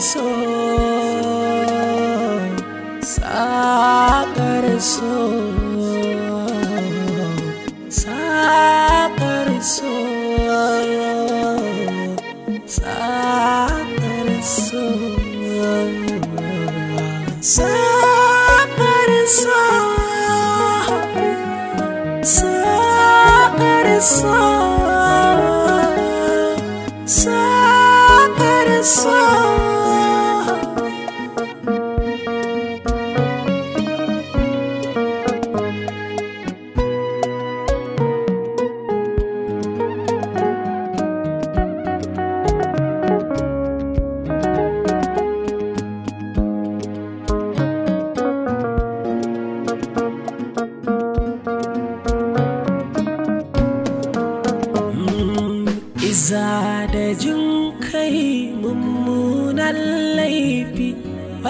so saƙar so saƙar so saƙar so saƙar so saƙar so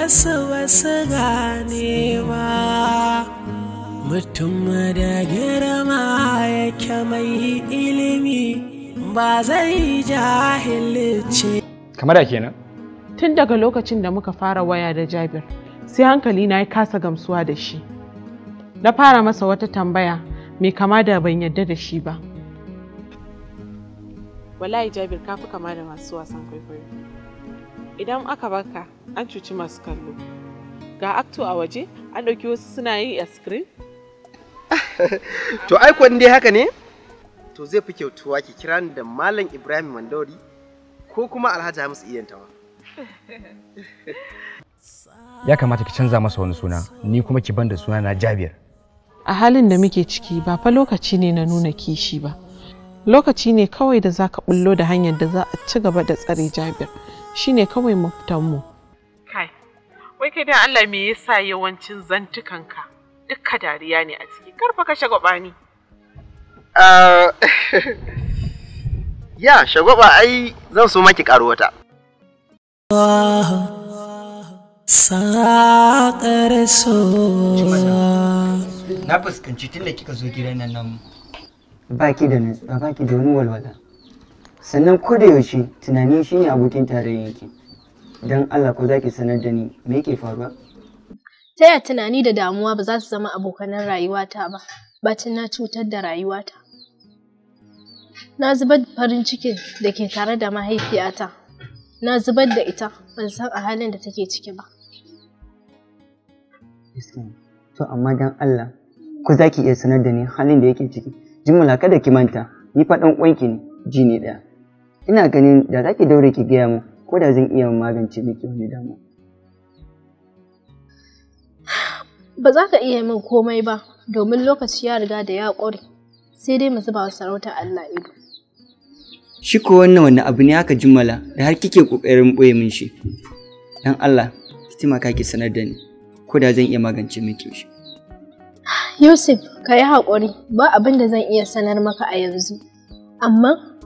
wasu wasu ganewa mutum da girma yake mai ilimi ba zai jahilce kamar da kenan tun daga lokacin da muka fara waya da jabir sai hankali na ya kasa gamsuwa da shi na fara masa wata tambaya mai kama da ban yadda da shi ba wallahi jabir kafi kama da masu wasan kwaikwayo idan aka baka an cuci masu kallo ga akto a waje an ɗauki wasu suna yin a screen to ai kwan dai haka ne to zai fi kyautuwa ki kira ni da malam ibrahim mandori ko kuma alhaji hamisu tawa ya kamata ki canza masa wani suna ni kuma ki banda suna na jabir a halin da muke ciki ba fa lokaci ne na nuna kishi ba lokaci ne kawai da za ka bullo da hanyar da za a ci gaba da tsare jabir shine kawai mafitanmu. Kai, wai kai dan Allah me yasa yawancin zantukanka dukka dariya ne a ciki, karfa ka shagwabani. Ah, ya, shagwaba ai zan so maki karo wata. Ah, Saƙar Na fuskanci tun da kika zo gidan nan nan. Baki da nutsuwa, baki da wani walwala. sannan ko da yaushe tunani shine abokin tarayyanki don Allah ko za ki sanar da ni me yake faruwa ta yaya tunani da damuwa ba za su zama abokanan rayuwata ba bacin na cutar da rayuwata na zubar da farin cikin da ke tare da mahaifiyata na zubar da ita ban san a halin da take ciki ba to amma don Allah ko za ki iya sanar da ni halin da yake ciki jimula kada ki manta ni fa dan uwanki ne ji ne daya ina ganin da za ki daure ki gaya mu ko da zan iya magance miki wani damu. Ba za ka iya min komai ba domin lokaci ya riga da ya ƙware sai dai mu zuba wa sarauta Allah ido. Shi ko wannan wani abu ne haka jimala da har kike ƙoƙarin ɓoye min shi. Dan Allah ki taimaka ki sanar da ni ko da zan iya magance miki shi. Yusuf ka yi haƙuri ba abin da zan iya sanar maka a yanzu amma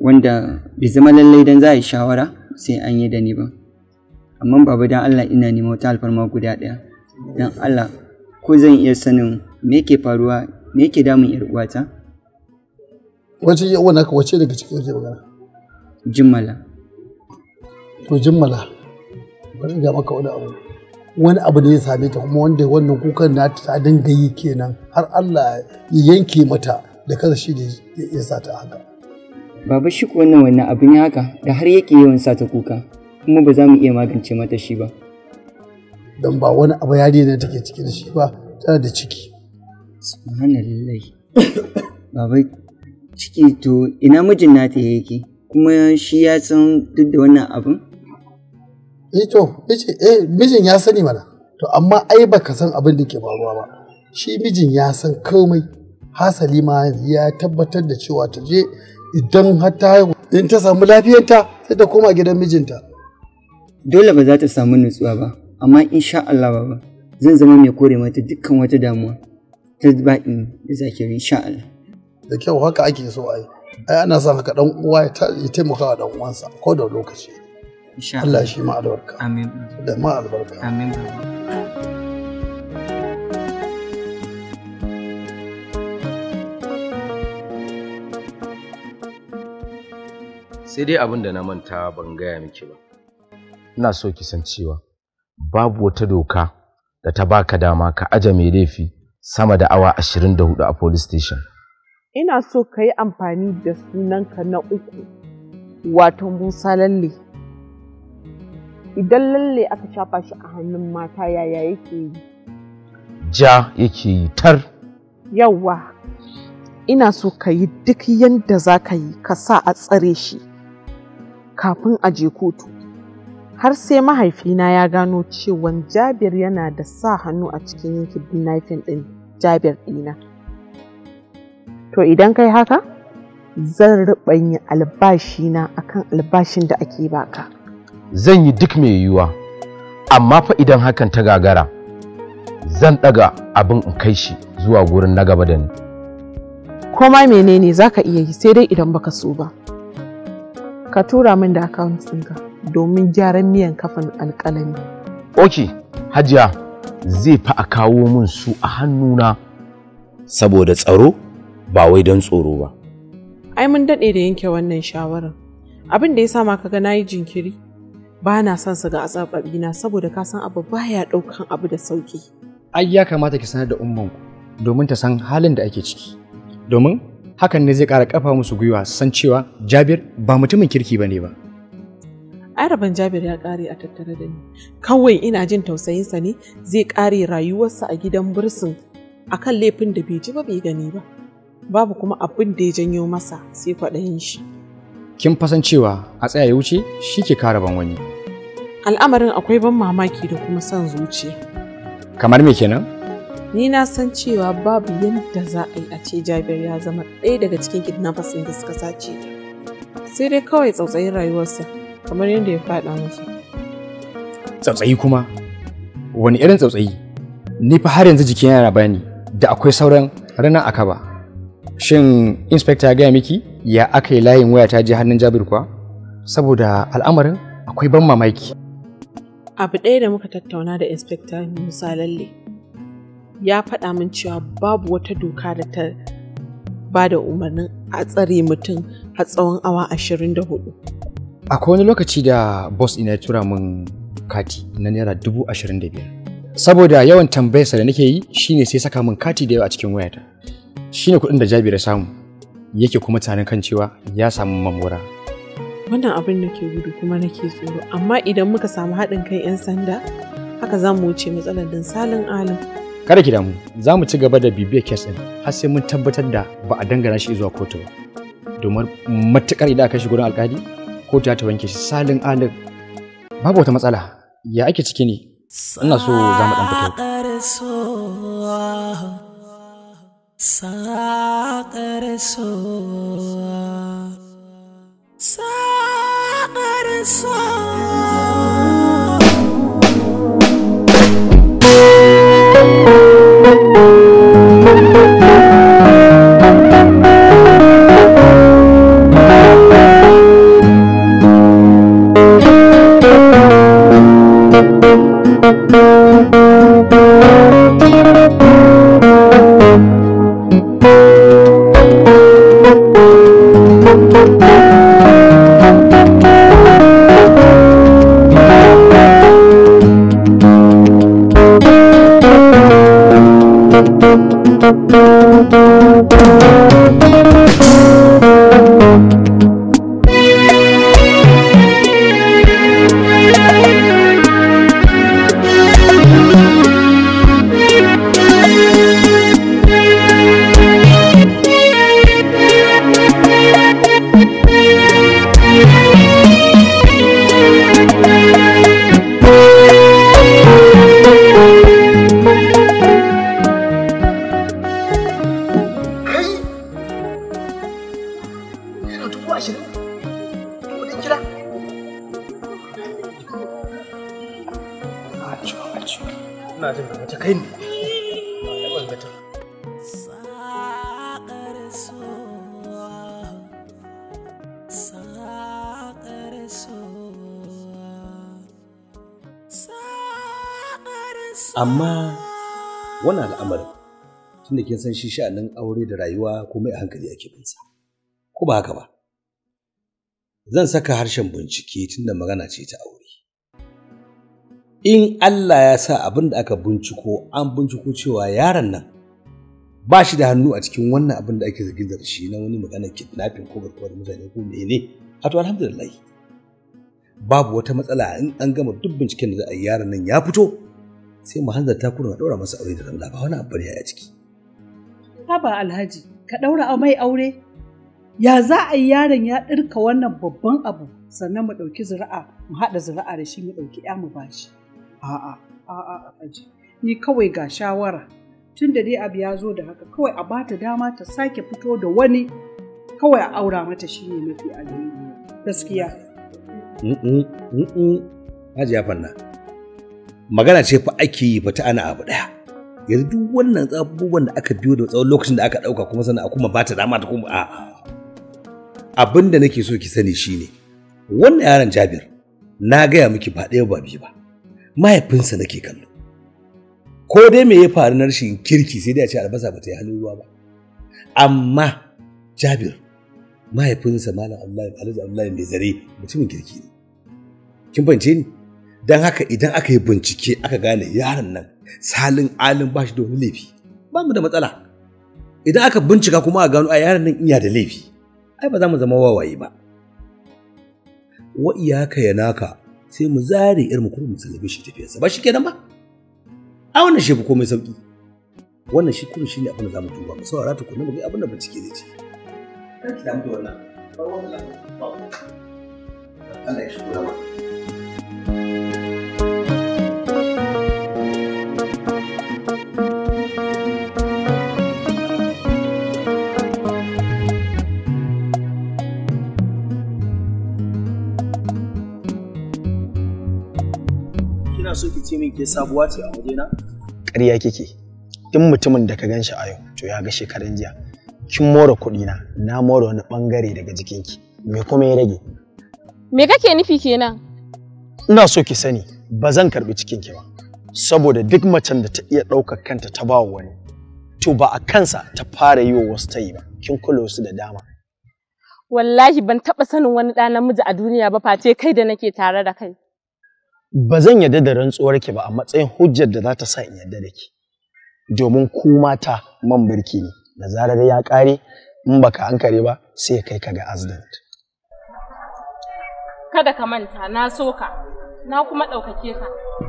wanda bai zama lallai don za a yi shawara sai an yi da ni ba amma babu don Allah ina neman wata alfarma guda ɗaya don Allah ko zan iya sanin me ke faruwa me ke damun yar uwata wace iya wani aka wace daga cikin yake magana jimmala to jimmala wani ga maka wani abu wani abu da ya same ta kuma wanda wannan kukan na ta dinga yi kenan har Allah ya yanke mata da kansa shi ne ya sa ta haka Baba shi wannan wannan abu ne haka da har yake yawan sa ta kuka kuma ba za mu iya magance mata shi ba. Don ba wani abu ya da take ciki da shi ba tana da ciki. subhanallahi Baba ciki to ina mijin nata yake kuma shi ya san duk da wannan abin? Eh to, eh mijin ya sani mana. To amma ai baka san abin da ke faruwa ba. Shi mijin ya san komai. Hasali ma ya tabbatar da cewa ta je idan har ta haihu in ta samu lafiyanta sai ta koma gidan mijinta dole ba za ta samu nutsuwa ba amma sha Allah ba zan zama mai kore mata dukkan wata damuwa ta baƙin da zakiri sha Allah da kyau haka ake so ai ai ana son haka dan uwa ya taimaka wa dan uwansa ko da lokaci Allah shi ma albarka amin da ma albarka amin sai dai abin da na manta ban gaya miki ba ina so ki san cewa babu wata doka da ta baka dama ka aje mai laifi sama da awa 24 a police station ina so ka yi amfani da sunanka na uku wato musa lalle idan lalle aka shafa shi a hannun mata yaya yake yi ja yake yi tar yawwa ina so ka yi duk yadda za ka yi ka sa a tsare shi kafin a je kotu har sai mahaifina ya gano cewan jabir yana da sa hannu a cikin yankin naifin ɗin jabir ɗina to idan kai haka zan ruɓanya albashina akan albashin da ake baka zan yi duk mai yiwuwa amma fa idan hakan ta gagara zan ɗaga abin in kai shi zuwa gurin na gaba da ni koma menene za ka iya yi sai dai idan baka so ba ka tura min da account domin gyaran miyan kafin alƙalami. Ok, hajiya zai fa a kawo min su a hannuna. Saboda tsaro ba wai don tsoro ba. Ai mun daɗe da yanke wannan shawarar. Abin da ya sa ka ga na yi jinkiri ba na son su ga na saboda ka san abu ba ya ɗaukan abu da sauƙi. Ai ya kamata ki sanar da ummanku domin ta san halin da ake ciki. Domin hakan ne zai ƙara ƙafa musu gwiwa san cewa Jabir ba mutumin kirki ba ne ba. Araban Jabir ya ƙare a tattare da ni, kawai ina jin tausayinsa ne zai ƙare rayuwarsa a gidan bursin a kan laifin da bai ji ba bai gani ba. Babu kuma abin da ya janyo masa sai kwaɗayin shi. Kin fasan cewa a tsaya ya wuce shi ke kara ban wani. Al'amarin akwai ban mamaki da kuma son zuciya. Kamar me kenan? ni na san cewa babu yadda za a yi a ce jabir ya zama ɗaya daga cikin kidnappers da suka sace sai dai kawai tsautsayin rayuwarsa kamar yadda ya faɗa musu tsautsayi kuma wani irin tsautsayi ni fa har yanzu jikina yana bani da akwai sauran ranar akaba shin inspector ya gaya miki ya aka yi layin waya ta je hannun jabir kuwa saboda al'amarin akwai ban mamaki abu ɗaya da muka tattauna da inspector musa lalle ya faɗa min cewa babu wata doka da ta ba da umarnin a tsare mutum har tsawon awa 24. Akwai wani lokaci da boss ina ya tura min kati na naira dubu ashirin da biyar. Saboda yawan tambayarsa da nake yi shine sai saka min kati da yawa a cikin wayata. Shine kuɗin da jabi ya samu yake kuma tunanin kan cewa ya samu mamura. Wannan abin nake gudu kuma nake tsoro amma idan muka samu haɗin kai 'yan sanda haka za mu wuce matsalar don salin alin. Kada ki damu, za mu ci gaba da bibiyar kes ɗin har sai mun tabbatar da ba a dangana shi zuwa kotu ba. Domin matukar idan aka shi gurin alkali, kotu ta wanke shi salin alin. Babu wata matsala, ya ake ciki ne? Ina so za mu ɗan fito. so, amma wani al'amarin tunda kin san shi sha'anin aure da rayuwa ko a hankali ake binsa ko ba haka ba zan saka harshen bincike tunda magana ce ta aure in Allah ya sa abin da aka binciko an binciko cewa yaron nan ba shi da hannu a cikin wannan abin da ake zargin da shi na wani magana kidnapping ko garkuwar mutane ko mene to alhamdulillah babu wata matsala in an gama duk binciken da za a yi yaron nan ya fito sai mu hanzarta kuna ɗaura masa aure da Allah ba wani abu ne a ciki. Haba Alhaji, ka ɗaura mai aure? Ya za a yi yaron ya ɗirka wannan babban abu sannan mu ɗauki zura'a mu haɗa zira'a da shi mu ɗauki ya mu bashi. A'a, a'a, Alhaji, ni kawai ga shawara. Tun da dai abu ya zo da haka kawai a bata dama ta sake fito da wani kawai a aura mata shi ne mafi alheri. Gaskiya. Hajiya fanna. magana ce fa ake yi fa ta ana abu daya yanzu duk wannan abubuwan da aka biyo da tsawon lokacin da aka dauka kuma sannan kuma ba ta dama ta kuma a abin da nake so ki sani shine wannan yaron Jabir na gaya miki ba ɗaya ba biyu ba mahaifinsa nake kallo ko dai me ya faru na rashin kirki sai dai a ce albasa ba ta yi halin ruwa ba amma Jabir mahaifinsa malam Allah Alhaji Allah mai zare mutumin kirki ne kin fahimce ni don haka idan aka yi bincike aka gane yaron nan salin alin ba shi da wani laifi ba mu da matsala idan aka bincika kuma a gano a yaron nan iya da laifi ai ba za mu zama wawaye ba wa iyaka ya naka sai mu zare irin mu kuma mu salabe shi tafiyarsa ba shi kenan ba a wannan shi komai sauki wannan shi kuma shine abin da zamu duba mu saurara ta kuma ga abin da bincike zai ce kan ki damu da wannan ba wannan ba Allah so ce min ke sabuwa ce a wajena? Ƙarya kike. Duk mutumin da ka gan shi a yau to ya ga shekaran jiya. Kin more kuɗi na, na more wani ɓangare daga jikinki. Me kuma ya rage? Me kake nufi kenan? Ina so ki sani ba zan karɓi cikinki ba. Saboda duk macen da ta iya ɗaukar kanta ta ba wani, to ba a kansa ta fara yi wa wasu ta yi ba. Kin kula wasu da dama. Wallahi ban taɓa sanin wani ɗa namiji a duniya ba face kai da nake tare da kai. ba zan yarda da rantsuwar ki ba a matsayin hujjar da za ta sa in yarda da ki domin ku mata man birki ne da zarar ya kare in baka hankali ba sai ya kai ka ga accident kada ka manta na so ka na kuma ɗaukake ka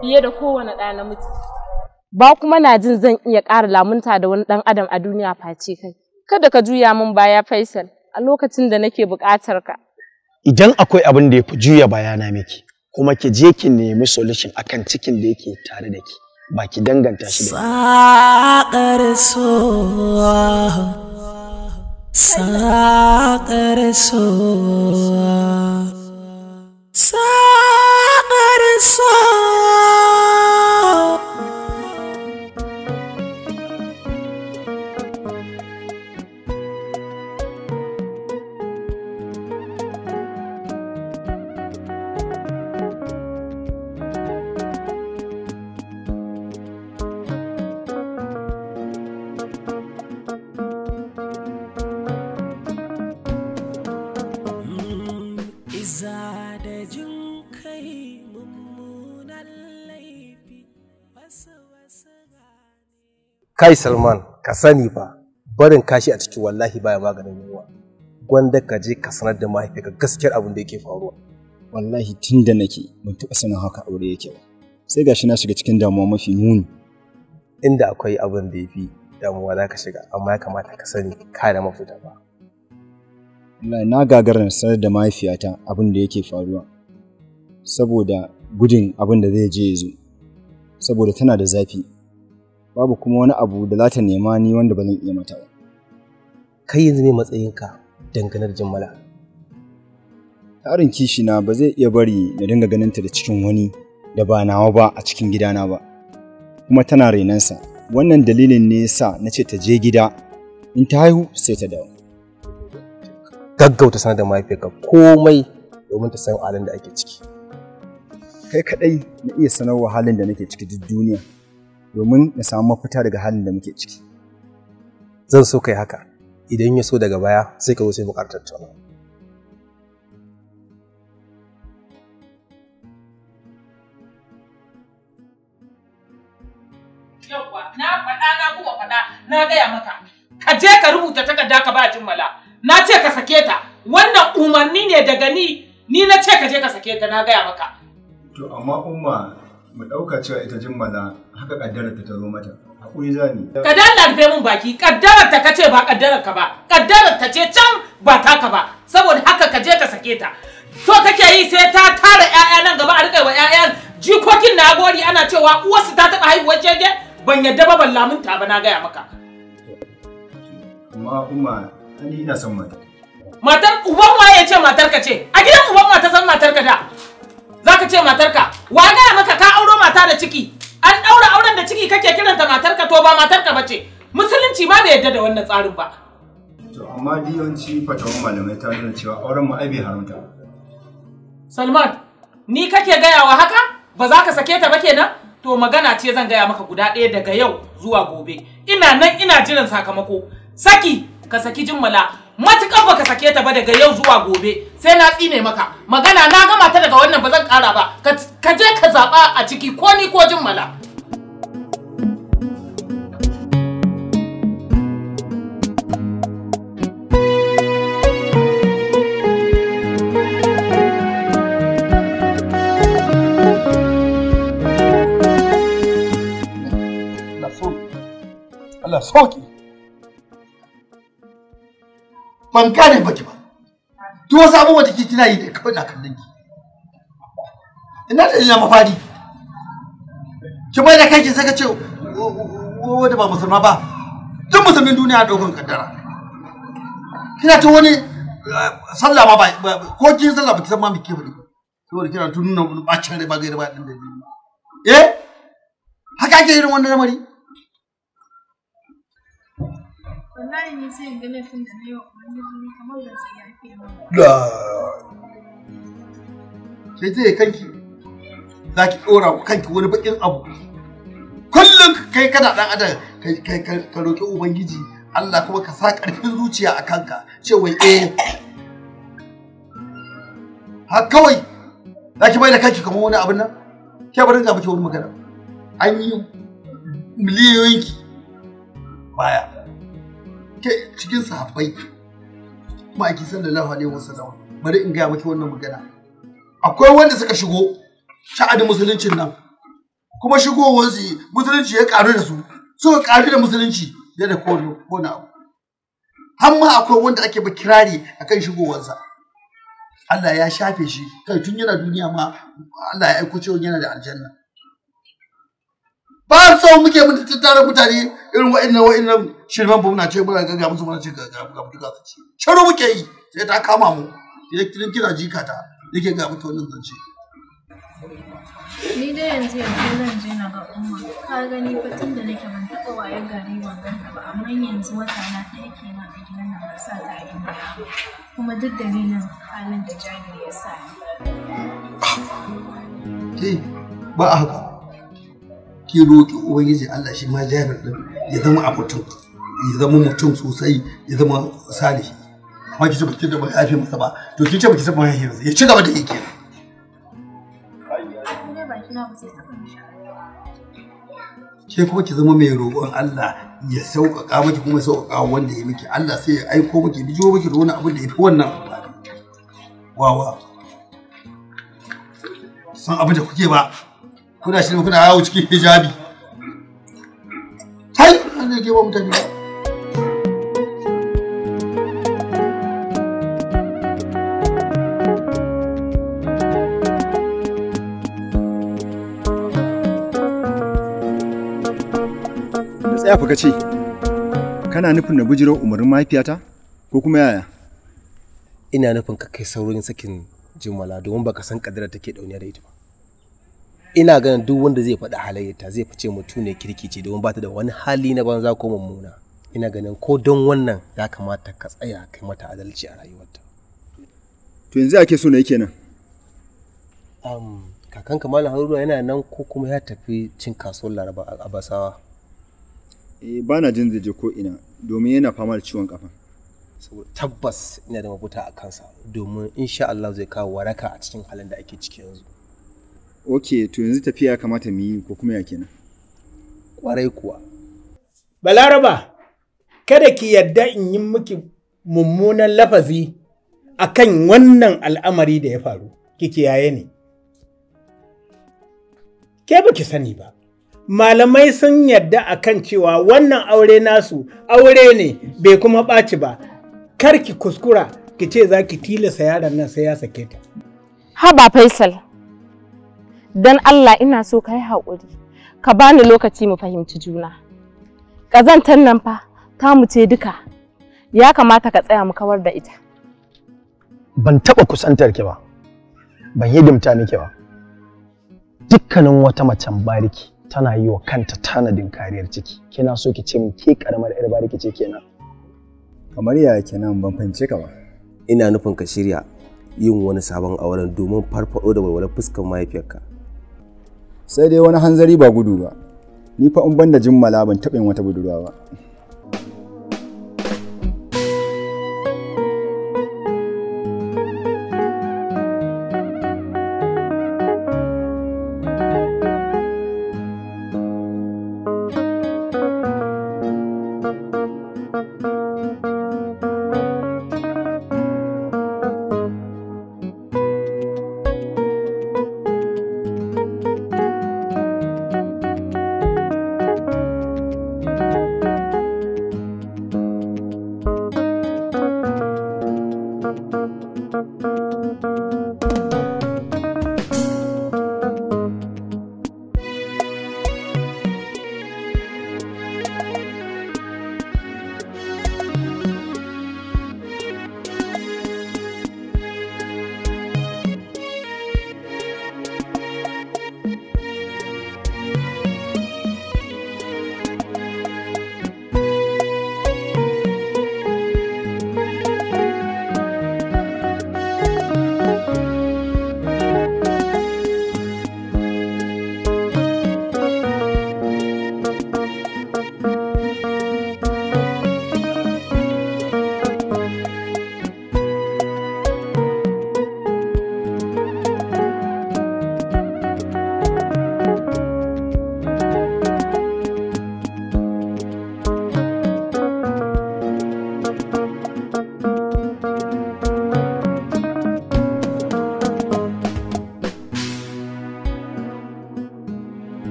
fiye da kowane ɗa namiji ba kuma na jin zan iya ƙara lamunta da wani ɗan adam a duniya face kai kada ka juya min baya Faisal a lokacin da nake buƙatar ka idan akwai abin da ya fi juya bayana miki kuma ki je ki nemi solution akan cikin da yake tare da ki ba ki danganta shi da saƙar so saƙar so ba da kai laifi wasu kai salman ka sani ba barin kashi a ciki wallahi baya maganin yunwa gwanda ka je ka sanar da mahaifiyarka gaskiyar abin da yake faruwa wallahi tun da nake ban taɓa sanin haka aure yake ba sai gashi na shiga cikin damuwa mafi muni inda akwai abin da ya fi damuwa za ka shiga amma ya kamata ka sani ka da mafita ba wallahi na gagara sanar da mahaifiyata abin da yake faruwa saboda gudun abin da zai je ya zo saboda tana da zafi babu kuma wani abu da za ta nema ni wanda ba zan iya mata kai yanzu ne matsayinka dangane da jimmala tarin kishi na ba zai iya bari na dinga ganinta da cikin wani da ba nawa ba a cikin gidana ba kuma tana renansa wannan dalilin ne yasa na ce ta je gida in ta haihu sai ta dawo gaggauta sanar da mahaifiyarka komai domin ta san halin da ake ciki kai kadai na iya sanar wa halin da nake ciki duk duniya domin na samu mafita daga halin da muke ciki zan so kai haka idan ya so daga baya sai ka zo sai bukatar tattauna na faɗa na kuma faɗa na gaya maka ka je ka rubuta takarda ka ba jimmala na ce ka sake ta wannan umarni ne daga ni ni na ce ka je ka sake ta na gaya maka to amma umma mu ɗauka cewa ita jimmala haka kaddarar ta ta zo mata hakuri za ni ka dalla da mun baki kaddarar ta kace ba kaddarar ka ba kaddarar ta ce can ba taka ba saboda haka ka je ka sake ta so kake yi sai ta tara ƴaƴa nan gaba a rika wa ƴaƴan jikokin na gori ana cewa uwarsu ta taɓa haihuwar jeje ban yadda ba ban ta ba na gaya maka amma umma mata ni ina son mata matar uban ce matar ka ce a gidan uban ta san matar ka da zaka ce matar ka wa ga maka ka auro mata da ciki an daura auren da ciki kake kiranta matar ka to ba matar ka bace musulunci ba bai yarda da wannan tsarin ba to amma yawanci fatawan malamai ta nuna cewa auren mu ai bai haramta Salman ni kake gaya wa haka ba za ka sake ta ba kenan to magana ce zan gaya maka guda ɗaya daga yau zuwa gobe ina nan ina jiran sakamako saki ka saki jimmala matuƙar baka sake ta ba daga yau zuwa gobe sai na tsine maka magana na gama ta daga wannan ba zan ƙara ba ka je ka zaɓa a ciki ko ni ko jimmala Allah ban kare baki ba duk wasu abubuwa da ke kina yi da kawai na kallon ki ina da ina mafadi. ki bai da kanki sai ka ce da ba musulma ba duk musulmin duniya dogon kaddara kina ta wani eh, sallah ma ba ko kin sallah ba ki san ma me ke bari saboda kina tun nuna bacin rai ba gaira ba din da eh haka ake irin wannan lamari wallahi ni sai in ga laifin da na yi wa ubangiji kamar ban sai ya fi ba sai zai kanki za ki ɗora kanki wani baƙin abu kullum kai kana ɗan adam kai ka roƙi ubangiji Allah kuma ka sa ƙarfin zuciya a kanka cewa eh ha kawai za ki bai da kanki kamar wani abin nan ke bari ga miki wani magana an yi miliyoyin ki baya cikin sahabbai san sallallahu alaihi wasallam bari in gaya maki wannan magana akwai wanda suka shigo sha'adin musuluncin nan kuma shigowarsu musulunci ya karu da su suka karu da musulunci da da kone abu har ma akwai wanda ake ba kirari akan shigowarsa Allah ya shafe shi kai tun yana duniya ma Allah ya aiko cewa yana da aljanna ba so muke mun tattara mutane irin wa'annan wa'annan shirman ba muna ce muna ga musu muna ce ga ga mutu ga zace shiro muke yi sai ta kama mu sai kira jikata, yake ga mutu wannan zance ni dai yanzu yanzu zan je na ga umma ka gani fa tun da nake ban taba waye gari wannan ba amma yanzu wata na ta yake kenan a gidan nan ba sa ta yi kuma duk dalilin halin da jabir ya sa ni ah! ba a haka ki roƙi ubangiji Allah shi ma jabir din ya zama a mutum ya zama mutum sosai ya zama salihi amma ki ce baki da haife masa ba to ki ce baki san haife masa ya ci gaba da yi kenan ke kuma ki zama mai roƙon Allah ya sauƙaƙa miki kuma ya sauƙaƙa wanda ya miki Allah sai ya aiko miki bijo miki da wani abu da ya fi wannan amfani wawa san abin da kuke ba kuna shi kuna yawo cikin hijabi hai an ne ke ba mutane ba tsaya fuka ce kana nufin na bujiro umarnin mahaifiyata ko kuma yaya ina nufin ka kai saurin sakin jimala domin baka san kadara take dauniya da ita ba ina ganin duk wanda zai faɗi halayyata zai fice mutu ne kirkici domin ba ta da wani hali na banza ko mummuna ina ganin ko don wannan ya kamata ka tsaya kai mata adalci a rayuwarta to yanzu ake so ne kenan um, kakan kamala haruna yana nan ko kuma ya tafi cin kasuwar laraba a basawa e, eh, ba na jin zai ko ina domin yana fama da ciwon kafa tabbas ina da mafuta a kansa domin insha Allah zai kawo waraka a cikin halin da ake ciki yanzu ok to yanzu tafiya kamata mu yi ko kuma ya kenan kwarai kuwa balaraba kada ki yadda in yi miki mummunan lafazi a kan wannan al'amari da ya faru ki kiyaye ne ke ba ki sani ba malamai sun yadda kan cewa wannan aure nasu aure ne bai kuma ɓaci ba kar ki kuskura ki ce za ki tilasa yaran nan sai ya sake ta haba faisal don Allah ina so ka yi haƙuri ka bani lokaci mu fahimci juna ƙazantar nan fa ta mu ce duka ya kamata ka tsaya mu kawar da ita ban taɓa kusantar ki ba ban yi dimta miki ba dukkanin wata macen bariki tana yi wa kanta tanadin kariyar ciki kina so ki ce min ke karamar yar bariki ce kenan kamar yaya kenan ban fahimce ka ba ina nufin ka shirya yin wani sabon auren domin farfaɗo da walwalar fuskar mahaifiyarka sai dai wani hanzari ba gudu ba ni fa in banda jimmala ban taɓa yin wata budurwa ba